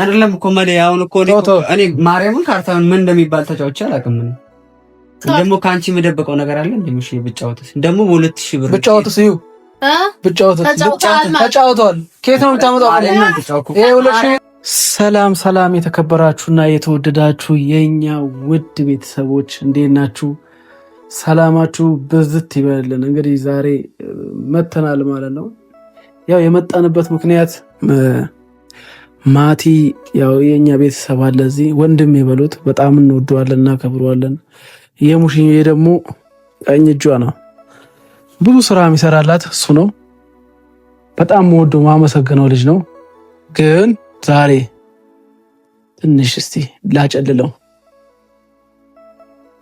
አይደለም እኮ መሌ፣ አሁን እኮ እኔ ማርያምን ካርታውን ምን እንደሚባል ተጫውቼ አላውቅም። ደግሞ ከአንቺ የምደብቀው ነገር አለ እንዴ? ሙሽ ብጫወትስ ደግሞ በሁለት ሺህ ብር ብጫወትስ እዩ ብጫወትስ ተጫውቷል። ከየት ነው የምታመጣው? ሰላም ሰላም፣ የተከበራችሁና የተወደዳችሁ የእኛ ውድ ቤተሰቦች እንዴት ናችሁ? ሰላማችሁ ብዝት ይበልልን። እንግዲህ ዛሬ መተናል ማለት ነው። ያው የመጣንበት ምክንያት ማቲ ያው የእኛ ቤተሰብ አለ እዚህ ወንድም የበሉት በጣም እንወደዋለን እናከብረዋለን። የሙሽዬ ደግሞ ቀኝ እጇ ነው፣ ብዙ ስራ የሚሰራላት እሱ ነው። በጣም ወዶ ማመሰግነው ልጅ ነው። ግን ዛሬ ትንሽ እስቲ ላጨልለው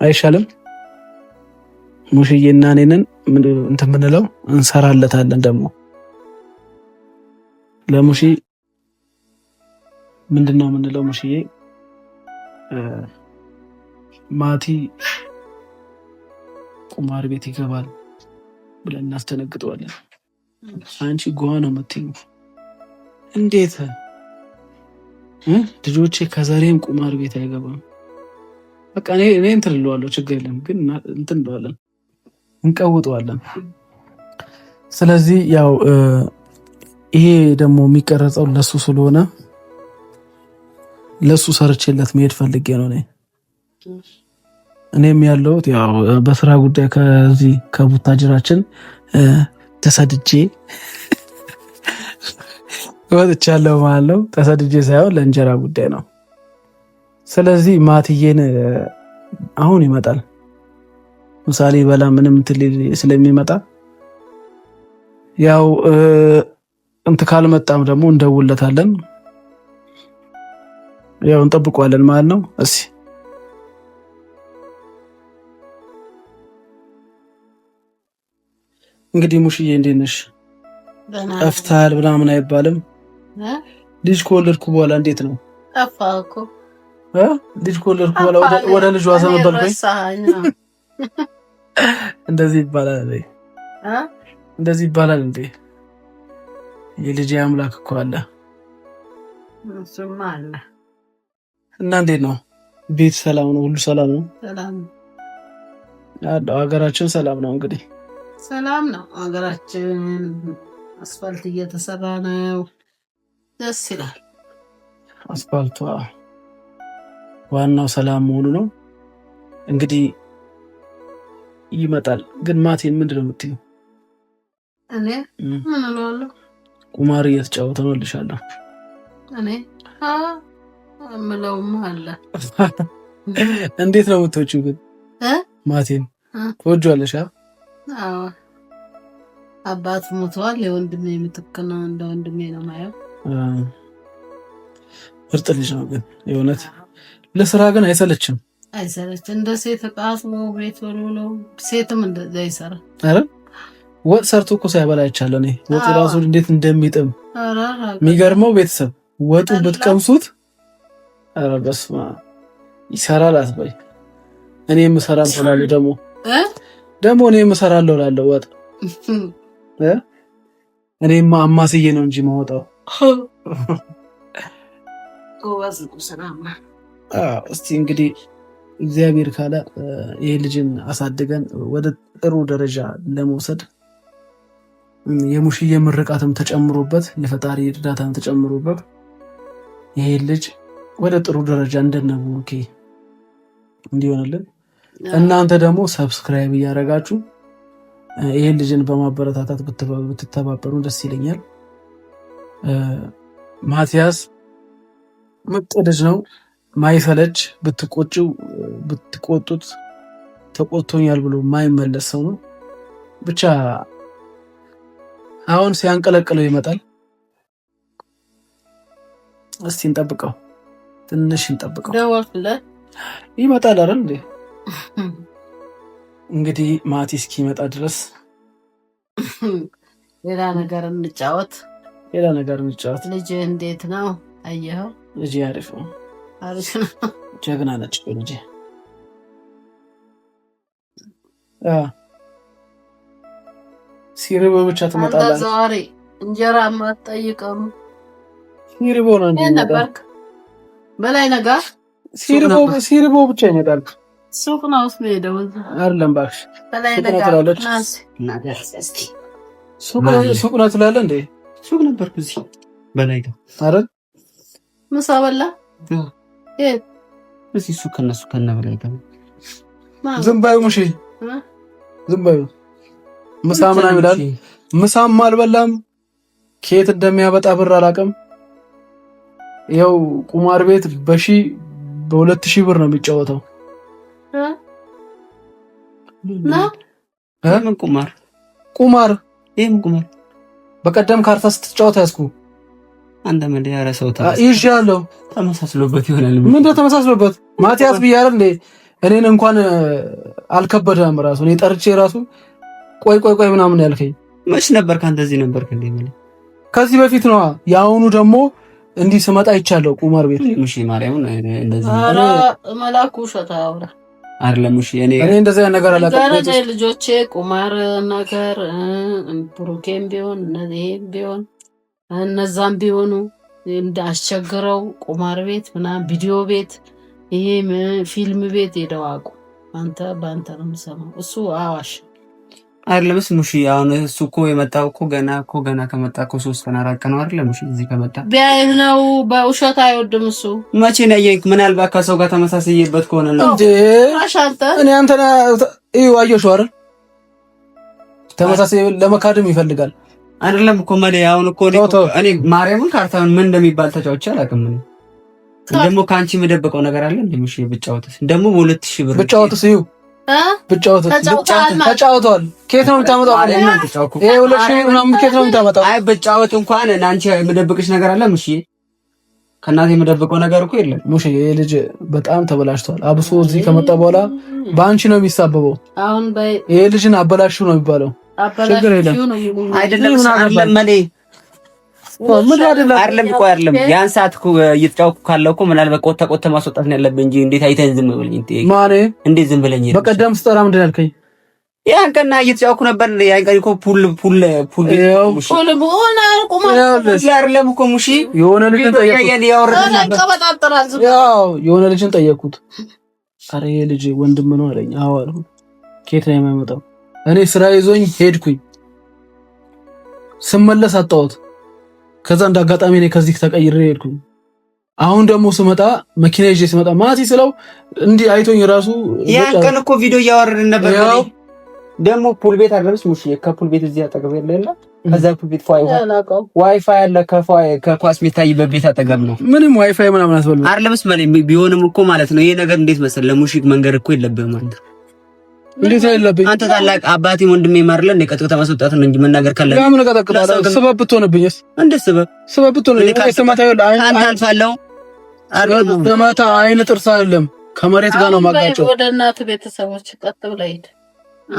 አይሻልም? ሙሽዬና እኔንን እንትን ምንለው እንሰራለታለን ደግሞ ለሙሽ ምንድን ነው የምንለው? ሙሽዬ ማቲ ቁማር ቤት ይገባል ብለን እናስደነግጠዋለን። አንቺ ጓ ነው የምትይኝ? እንዴት ልጆቼ ከዛሬም ቁማር ቤት አይገባም። በቃ እኔ እንትን እለዋለሁ፣ ችግር የለም ግን እንትን እንለዋለን፣ እንቀውጠዋለን። ስለዚህ ያው ይሄ ደግሞ የሚቀረጸው ለሱ ስለሆነ ለሱ ሰርቼለት መሄድ ፈልጌ ነው። እኔ እኔም ያለሁት ያው በስራ ጉዳይ ከዚህ ከቡታጅራችን ተሰድጄ ወጥቻለሁ ማለት ነው። ተሰድጄ ሳይሆን ለእንጀራ ጉዳይ ነው። ስለዚህ ማትዬን አሁን ይመጣል። ምሳሌ በላ ምንም ትልል ስለሚመጣ ያው እንት ካልመጣም ደግሞ እንደውለታለን። ያው እንጠብቀዋለን ማለት ነው። እሺ እንግዲህ ሙሽዬ እንዴት ነሽ? ጠፍተሃል ምናምን አይባልም። ልጅ ከወለድኩ በኋላ እንዴት ነው? ጠፋህ እኮ ልጅ ከወለድኩ በኋላ ወደ ልጇ ሰመበልኩኝ እንደዚህ ይባላል እንደዚህ ይባላል እንዴ? የልጅ አምላክ እኮ አለ። እሱማ አለ እና እንዴት ነው ቤት? ሰላም ነው? ሁሉ ሰላም ነው? ሀገራችን ሰላም ነው? እንግዲህ ሰላም ነው ሀገራችን። አስፋልት እየተሰራ ነው። ደስ ይላል። አስፋልቱ ዋናው ሰላም መሆኑ ነው። እንግዲህ ይመጣል። ግን ማቴን ምንድን ነው የምትይው? እኔ ምን እለዋለሁ? ቁማር እየተጫወተ መልሻለሁ እኔ እምለውም አለ። እንዴት ነው የምትወጪው ግን? ማቴን ትወጂዋለሽ? አዎ አባት ሙተዋል። የወንድሜ የምትክ ነው፣ እንደ ወንድሜ ነው ማየው። ምርጥ ልጅ ነው ግን የእውነት ለስራ ግን አይሰለችም። አይሰለች እንደ ሴት ተቃስሞ ቤት ወሎ ሴትም እንደዛ ይሰራ። ወጥ ሰርቶ እኮ ሳይበላ ይቻለ። ወጥ ራሱ እንዴት እንደሚጥም የሚገርመው ቤተሰብ ወጡ ብትቀምሱት ኧረ በስመ አብ ይሰራል አትበይ። እኔ ደግሞ ደግሞ እኔ የምሰራለሁ እላለሁ። ወጥ እኔማ አማስዬ ነው እንጂ እስቲ እንግዲህ እግዚአብሔር ካለ ይህ ልጅን አሳድገን ወደ ጥሩ ደረጃ ለመውሰድ የሙሽዬ ምርቃትም ተጨምሮበት የፈጣሪ እርዳታም ተጨምሮበት ይሄ ልጅ ወደ ጥሩ ደረጃ እንደነቡ እንዲሆንልን እናንተ ደግሞ ሰብስክራይብ እያደረጋችሁ ይህን ልጅን በማበረታታት ብትተባበሩ ደስ ይለኛል። ማቲያስ ምርጥ ልጅ ነው፣ ማይሰለች ብትቆጭው ብትቆጡት ተቆጥቶኛል ብሎ ማይመለስ ሰው ነው። ብቻ አሁን ሲያንቀለቅለው ይመጣል። እስቲ እንጠብቀው። ትንሽ እንጠብቀው። ይመጣል አይደል እንዴ? እንግዲህ ማቲ እስኪመጣ ድረስ ሌላ ነገር እንጫወት፣ ሌላ ነገር እንጫወት። ልጅ እንዴት ነው? አየኸው? ልጅ አሪፍ ነው፣ አሪፍ ነው። ጀግና ነጭ ልጅ። ሲርቦ ብቻ ትመጣለህ። ዛሬ እንጀራ ማትጠይቀው ሲርቦ ነው ነበርክ በላይ ነጋ ሲርቦ ብቻ ይመጣል። ሱቅ ነው ውስጥ ሄደው አይደለም እባክሽ፣ ሱቅ ነው ትላለህ እንዴ? ሱቅ ነበርኩ እዚህ በላይ ጋር አይደል? ምሳ በላ እዚህ ሱቅ ሱቅ ከነ በላይ ጋር ዝም በይው ሙሼ፣ ዝም ምሳ ምናምን ይላል። ምሳም አልበላም። ከየት እንደሚያበጣ ብር አላውቅም። ይኸው ቁማር ቤት በሺ በሁለት ሺህ ብር ነው የሚጫወተው። ቁማር ቁማር ይህም ቁማር በቀደም ካርታ ስትጫወት ያዝኩ። አንተ ምን ያረሰው ይዣለሁ። ተመሳስሎበት ይሆናል። ምንድን ነው ተመሳስሎበት? ማቲያስ ብያለ እንዴ እኔን እንኳን አልከበደም። ራሱ እኔ ጠርቼ ራሱ ቆይ ቆይ ቆይ ምናምን ያልከኝ መች ነበር? ከአንተ እዚህ ነበርክ ከዚህ በፊት ነዋ። የአሁኑ ደግሞ እንዲህ ስመጣ ይቻለው ቁማር ቤት እሺ፣ ማርያምን እንደዚህ ኧረ መላኩ ውሸት አውራ አይደለም። እሺ፣ እኔ እኔ እንደዚህ ነገር አላውቅም። ልጆቼ ቁማር ነገር ብሩኬም ቢሆን እነዚህም ቢሆን እነዛም ቢሆኑ እንዳስቸግረው ቁማር ቤት ምናምን ቪዲዮ ቤት ይሄ ፊልም ቤት ሄደው አውቁ። አንተ በአንተ ነው የምሰማው። እሱ አዋሽ አይደለምስ ሙሽ አሁን እሱ እኮ የመጣው እኮ ገና እኮ ገና ከመጣ እኮ ሶስት ቀን አራት ቀን አይደለም አይደለ? ሙሽ እዚህ ከመጣ ቢያይህ ነው። በውሸት አይወድም እሱ። መቼ ነው ያየህ? ምናልባት ከሰው ጋር ተመሳሰየበት ከሆነ ነው እንዴ? አሻንተ እኔ አንተና እዩ አየሽው አይደል? ተመሳሰይ ለመካድም ይፈልጋል አይደለም እኮ መሌ። አሁን እኮ እኔ ማርያምን ካርታውን ምን እንደሚባል ተጫውቼ አላውቅም። ደግሞ ከአንቺ የምደብቀው ነገር አለ እንዴ? ሙሽ ብጫወትስ ደግሞ በሁለት ሺህ ብር ብጫወትስ እዩ ተጫውተዋል። ኬት ነው የምታመጣው? ሁለት ሺህ ምናምን ኬት ነው የምታመጣው? አይ ብጫወት እንኳን አንቺ የምደብቅሽ ነገር አለ ሙሽ ከእናት የምደብቀው ነገር እኮ የለም። ሙሽ ይሄ ልጅ በጣም ተበላሽቷል። አብሶ እዚህ ከመጣ በኋላ በአንቺ ነው የሚሳበበው። ይሄ ልጅን አበላሽው ነው የሚባለው። ችግር የለም አይደለም አይደለም እኮ አይደለም። ያን ሰዓት እየተጫወኩ ካለው እኮ ምናልባት ቆተ ማስወጣት ነው ያለብህ እንጂ እንዴት አይተህ ዝም ብለኝ እንዴት ዝም ብለኝ። በቀደም ስጠራ ምንድን ያን ቀን እየተጫወኩ ነበር። ያን ቀን እኮ ፑል ፑል ፑል አይደለም እኮ ሙሺ፣ የሆነ ልጅን ጠየቅኩት። ያው የሆነ ልጅን ጠየቅኩት። አረ ልጅ ወንድም ነው አለኝ። አዎ አልኩ። ከየት ነው የማይመጣው? እኔ ስራ ይዞኝ ሄድኩኝ። ስመለስ አጣሁት። ከዛ እንደ አጋጣሚ እኔ ከዚህ ተቀይሬ ሄድኩኝ። አሁን ደግሞ ስመጣ መኪና ይዤ ስመጣ ማቲ ስለው እንዲህ አይቶኝ ራሱ ያን ቀን እኮ ቪዲዮ እያወረድን ነበር። ደግሞ ፑል ቤት አለብስ ሙሽ ከፑል ቤት እዚህ አጠገብ ያለ የለ ከዛ ፑል ቤት ዋይፋይ አለ። ከኳስ የሚታይበት ቤት አጠገብ ነው። ምንም ዋይፋይ ምናምን አስበል አለብስ ቢሆንም እኮ ማለት ነው ይሄ ነገር እንዴት መሰለህ ለሙሽ መንገድ እኮ የለብህም ማለት እንዴት አይለብኝ? አንተ ታላቅ አባቴ ወንድሜ ማርለ እንደ ቀጥቅጠ ማስወጣት ነው እንጂ መናገር ካለ ለምን ቀጥቅጣለሁ? ስበብ ብትሆንብኝስ? እንደ ስበብ ስበብ ብትሆን ከሰማታ ይወል አንተ አልፋለሁ። ሰማታ አይነ ጥርስ አይደለም ከመሬት ጋር ነው ማጋጨው። ወደ እናት ቤተሰቦች ቀጥ ብለህ ሂድ።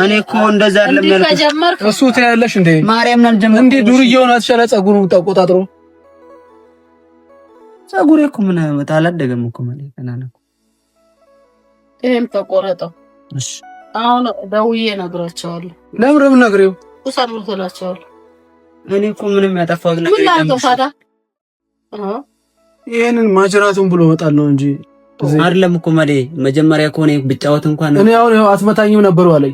እኔ እኮ እንደዛ አይደለም ያልኩት። እሱ ትያለሽ እንዴ ማርያም ነን ደም እንዴ ዱርዬውን አትሻለ ጸጉሩ ተቆጣጥሮ ጸጉሬ እኮ ምን አላደገም እኮ ማለት ነው። ይሄም ተቆረጠው። እሺ አሁን ደውዬ እነግራቸዋለሁ። ለምን ለምን ነግሬው ቁሰሉ ትላቸዋለሁ። እኔ እኮ ምንም ያጠፋሁት ነገር የለም። ታዲያ ይህንን ማጅራቱን ብሎ እወጣለሁ እንጂ አይደለም እኮ መጀመሪያ ከሆነ ብጫወት እንኳን እኔ አሁን አትመታኝም ነበሩ አለኝ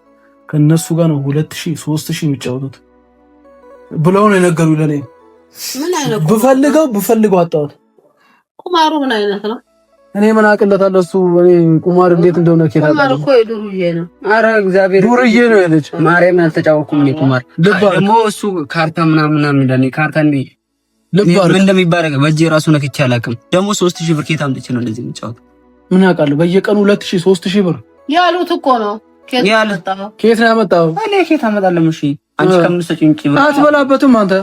ከእነሱ ጋር ነው ሁለት ሺህ ሶስት ሺህ የሚጫወቱት ብለው ነው የነገሩ ለኔ። ብፈልገው ብፈልገው አጣሁት። ቁማሩ ምን አይነት ነው? እኔ ምን አቅለታለሁ? እሱ እኔ ቁማር እንዴት እንደሆነ ኬታ ቁማር እኮ የዱርዬ ነው። አረ እግዚአብሔር ዱርዬ ነው ያለች ማርያም። አልተጫወኩም እኔ ቁማር ደግሞ እሱ ካርታ ምናምን ምናምን እንደኔ ካርታ እንዴ ልባር እንደሚባል በእጄ ራሱ ነክቼ አላውቅም። ደግሞ ሶስት ሺህ ብር ኬታ አምጥቼ ነው እንደዚህ የሚጫወት ምን አውቃለሁ። በየቀኑ ሁለት ሺህ ሶስት ሺህ ብር ያሉት እኮ ነው ከየት ነው ያመጣው? እኔ ከየት አመጣለሁ? እሺ አንቺ ከምትሰጪኝ ጭብራ አትበላበትም። አንተ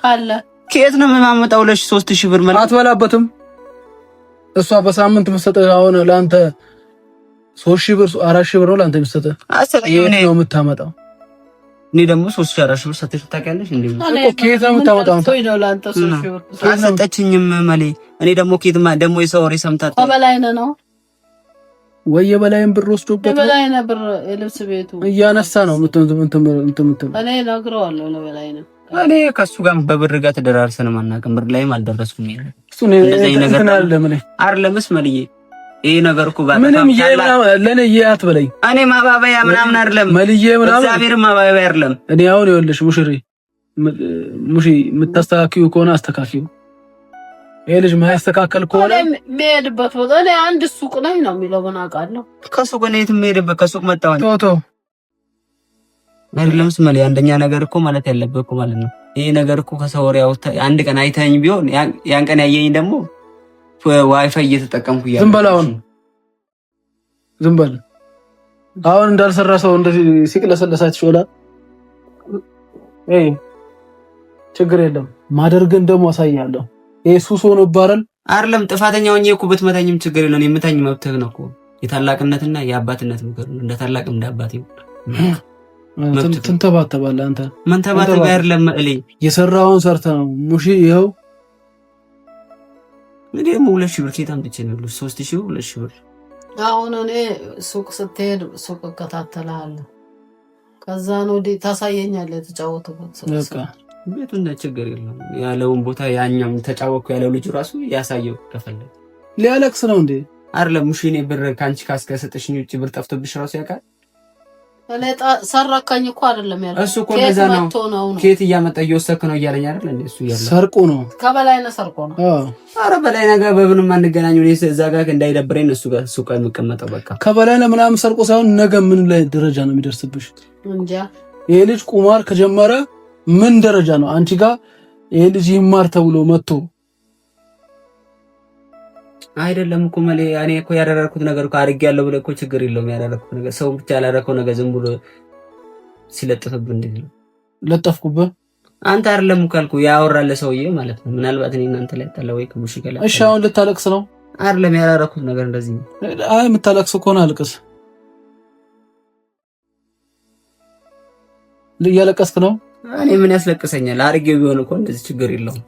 ካለ ከየት ነው የማመጣው? ለሽ ሦስት ሺህ ብር መልክ አትበላበትም። እሷ በሳምንት የምትሰጥህ አሁን ለአንተ ሦስት ሺህ ብር አራት ሺህ ብር ነው ለአንተ የምትሰጥህ። የት ነው የምታመጣው? እኔ ደግሞ ሦስት ሺህ አራት ሺህ ብር ሰጥተሽ ታውቂያለሽ? ነው የምታመጣው? አልሰጠችኝም መሌ። እኔ ደግሞ ከየት ደግሞ የሰው ወሬ ሰምታት ነው ወይ የበላይን ብር ወስዶበት የበላይን ብር የልብስ ቤቱ እያነሳ ነው። እኔ ከሱ ጋር በብር ጋር ተደራርሰን አናውቅም። ብር ላይም አልደረስኩም። ይሄ ነገር እኮ ምንም ለእኔ ይሄ አትበለኝ። እኔ ማባበያ ምናምን አይደለም መልዬ ምናምን እግዚአብሔር ማባበያ አይደለም። እኔ አሁን ይኸውልሽ ሙሽሪ ሙሽ የምታስተካክዪው ከሆነ አስተካክዩ። ይሄ ልጅ ማያስተካከል ከሆነ የሚሄድበት ቦታ ላይ አንድ ሱቅ ላይ ነው የሚለው ምን አውቃለሁ። ከሱቅ ነው የት የሚሄድበት ከሱቅ መጣሁ ቶቶ አይደለም ስመል አንደኛ ነገር እኮ ማለት ያለበት እኮ ማለት ነው ይህ ነገር እኮ ከሰው ወሬ አውጥተህ አንድ ቀን አይተኸኝ ቢሆን ያን ቀን ያየኝ ደግሞ ዋይፋይ እየተጠቀምኩ እያለ ዝም በል አሁን ዝም በል አሁን እንዳልሰራ ሰው እንደዚህ ሲቅለሰለሳችሁ ይሆናል። ችግር የለም ማደርግን ደግሞ አሳያለሁ። ኢየሱስ ሆኖ ይባላል አይደለም። ጥፋተኛ ሆኜ እኮ ብትመታኝም ችግር የለውም። የምታኝ መብትህ ነው እኮ የታላቅነትና የአባትነት ምክር ነው። እንደ ታላቅ እንደ አባት ትንተባተባለህ። አንተ መንተባተብ አይደለም እልኝ የሰራውን ሰርተ ነው ሙሽ ይኸው እኔም ሁለት ሺህ ብር ኬት አምጥቼ ነው ያሉት። ሶስት ሺህ ሁለት ሺህ ብር አሁን እኔ ሱቅ ስትሄድ ሱቅ እከታተልሃለሁ። ከዛን ወዲህ ታሳየኛለህ የተጫወተበት ቤቱ እንደ ችግር የለም ያለውን ቦታ ያኛም ተጫወኩ ያለው ልጁ ራሱ ያሳየው ከፈለግ ሊያለቅስ ነው እንዴ? አይደለም ሙሽ እኔ ብር ከአንቺ ካስከሰጠሽኝ ውጭ ብር ጠፍቶብሽ ራሱ ያውቃል። ሰራካኝ እኮ አይደለም ያለ እሱ እኮ ነው። ኬት እያመጣ እየወሰድክ ነው እያለኝ አይደል እንዴ? እሱ እያለ ሰርቆ ነው ከበላይ ከበላይነ ሰርቆ ነው። አረ በላይነ ጋር በምንም አንገናኘው። እኔ እዛ ጋር እንዳይደብረኝ እሱ ጋር ሱቅ የምቀመጠው በቃ ከበላይ ከበላይነ ምናምን ሰርቆ ሳይሆን ነገ ምን ላይ ደረጃ ነው የሚደርስብሽ? እንጃ ይሄ ልጅ ቁማር ከጀመረ ምን ደረጃ ነው አንቺ ጋር ይሄ ልጅ ይማር ተብሎ መጥቶ አይደለም እኮ መሌ እኔ እኮ ያደረኩት ነገር እኮ አድርጌ ያለው ብለህ እኮ ችግር የለውም። ያደረኩት ነገር ሰው ብቻ ያላደረከው ነገር ዝም ብሎ ሲለጥፍብህ እንዴት ነው ለጠፍኩብህ? አንተ አይደለም እኮ ያልኩህ ያወራለ ሰውዬ ማለት ነው። ምናልባት እኔ እናንተ ላይ ያጣላ ወይ ከሙሽ ገለ እሺ፣ አሁን ልታለቅስ ነው አይደለም? ያላደረኩት ነገር እንደዚህ ነው። አይ የምታለቅስ ከሆነ አልቅስ። እያለቀስክ ነው እኔ ምን ያስለቅሰኛል? አርጌው ቢሆን እኮ እንደዚህ ችግር የለውም።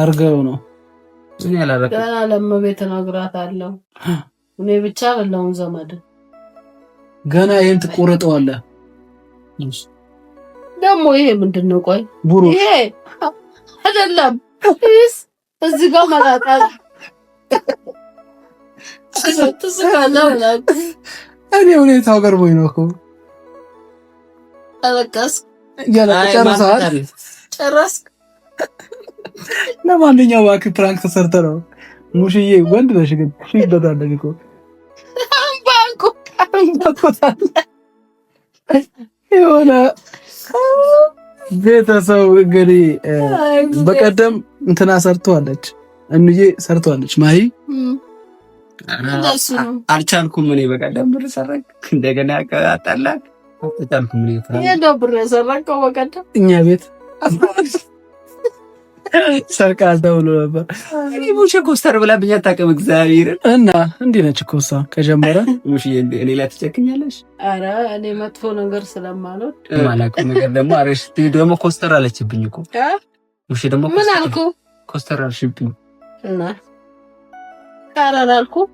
አርገው ነው ምን ያላረከ ገና ለእመቤት እነግራታለሁ። እኔ ብቻ አይደለሁም ዘመድ። ገና ይሄን ትቆረጠዋለህ ደግሞ። ይሄ ምንድን ነው? ቆይ ይሄ አይደለም። እስ እዚህ ጋር መጣጣል ትስካለህ። እኔ ሁኔታው ገርሞኝ ነው እኮ አበቃስክ? ገና ጨርሰሃል? ጨረስክ? እባክህ ፕራንክ ተሰርተ ነው ሙሽዬ። ወንድ ነሽ ግን ይበታል እኮ የሆነ ቤተሰብ እንግዲህ በቀደም እንትና ሰርተዋለች፣ እንዬ ሰርተዋለች። ማይ አልቻልኩም እኔ በቀደም ብር ሰረግ እንደገና ያቀጣላት ዳብር የሰረቀው በቀደም እኛ ቤት ሰርቃ ተብሎ ነበር። እኔ ሙሽ ኮስተር ብላብኝ አታውቅም። እግዚአብሔር እና እንዲህ ነች እኮ እሷ ከጀመረ ሙሽ እኔ ላይ ትጨክኛለሽ። አረ እኔ መጥፎ ነገር ስለማልወድ ማላቁ ነገር ደግሞ አረሽ ደግሞ ኮስተር አለችብኝ እኮ ሙሽ ደግሞ ምን አልኩ? ኮስተር አልሽብኝ እና ኧረ አላልኩም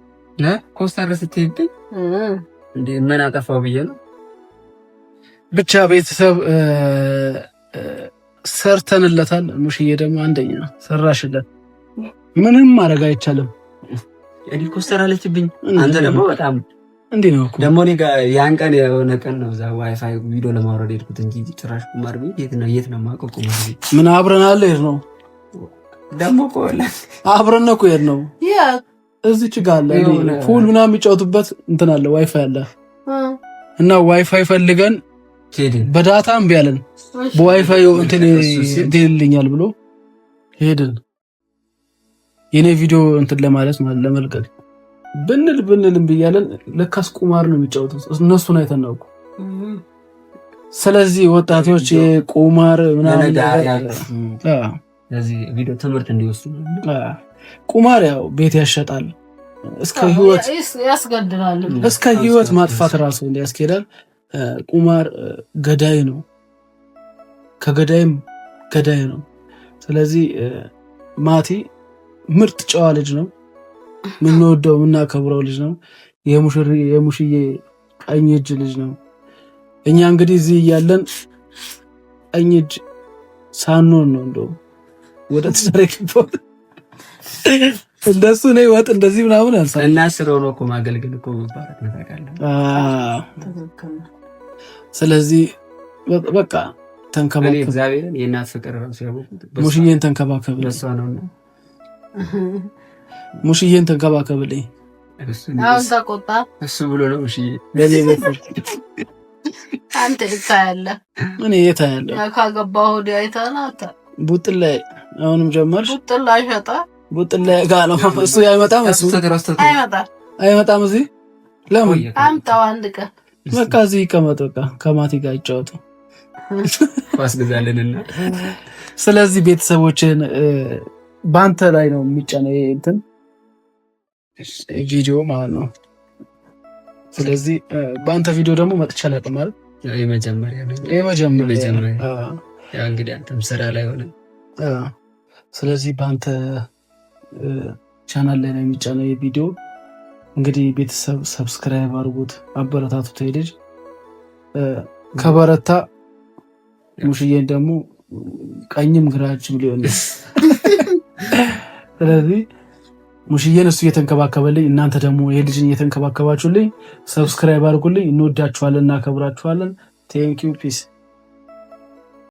ኮስተር ስትይብኝ እንዴ ምን አጠፋው ብዬ ነው ብቻ ቤተሰብ ሰርተንለታል። ሙሽዬ ደግሞ አንደኛ ሰራሽለት። ምንም ማድረግ አይቻልም። ሄሊኮስተር አለችብኝ። አንተ ደግሞ በጣም እንዲህ ነው ደግሞ ያን ቀን የሆነ ቀን ነው እዛ ዋይፋይ ቪዲዮ ለማውረድ ሄድኩት እንጂ ጭራሽ ቁማር የት ነው የት ነው የማውቀው ምን አብረን አለ ሄድ ነው ደግሞ አብረን ነው ሄድ ነው እዚች ጋ አለ ፉል ምናምን የሚጫወቱበት እንትን አለ ዋይፋይ አለ እና ዋይፋይ ፈልገን በዳታ እምቢ አለን። በዋይፋይ እንትን ይልኛል ብሎ ሄድን። የኔ ቪዲዮ እንትን ለማለት ለመልቀቅ ብንል ብንል እምቢ እያለን ለካስ ቁማር ነው የሚጫወቱት እነሱን አይተናውቁ። ስለዚህ ወጣቶች የቁማር ምናምን ትምህርት እንዲወስዱ ቁማር ያው ቤት ያሸጣል እስከ ህይወት ማጥፋት ራሱ እንዲያስኬዳል። ቁማር ገዳይ ነው፣ ከገዳይም ገዳይ ነው። ስለዚህ ማቲ ምርጥ ጨዋ ልጅ ነው፣ የምንወደው የምናከብረው ልጅ ነው። የሙሽዬ ቀኝ እጅ ልጅ ነው። እኛ እንግዲህ እዚህ እያለን ቀኝ እጅ ሳንሆን ነው እንደው ወደ ትዳር የገባው እንደሱ ነው ወጥ እንደዚህ ምናምን አልሳ እና ስሮ ነው እኮ ማገልገል እኮ መባረክ ነው ታውቃለህ። ስለዚህ በቃ ተንከባከብ። ሙሽዬን ተንከባከብ፣ ሙሽዬን ተንከባከብልኝ። እሱ ብሎ ነው ሙሽዬ አንተ እኔ ካገባ አሁንም ጀመርሽ። ላይ ሸጣ ጋ ነው እሱ አይመጣም፣ እሱ አይመጣም። እዚህ ለምን አምጣው አንድ ቀን በቃ እዚህ ይቀመጥ። በቃ ከማቲ ጋር ይጫወቱ ማስገዛልንና ስለዚህ ቤተሰቦችን በአንተ ላይ ነው የሚጫነው እንትን ቪዲዮ ማለት ነው። ስለዚህ በአንተ ቪዲዮ ደግሞ መጥቼ አላውቅም ማለት የመጀመሪያ እንግዲህ አንተም ስራ ላይ ሆነ። ስለዚህ በአንተ ቻናል ላይ ነው የሚጫነው የቪዲዮ እንግዲህ ቤተሰብ ሰብስክራይብ አድርጉት፣ አበረታቱት። ልጅ ከበረታ ሙሽዬን ደግሞ ቀኝም ግራችም ሊሆን ስለዚህ ሙሽዬን እሱ እየተንከባከበልኝ እናንተ ደግሞ ልጅን እየተንከባከባችሁልኝ፣ ሰብስክራይብ አድርጉልኝ። እንወዳችኋለን፣ እናከብራችኋለን። ቴንኪው ፒስ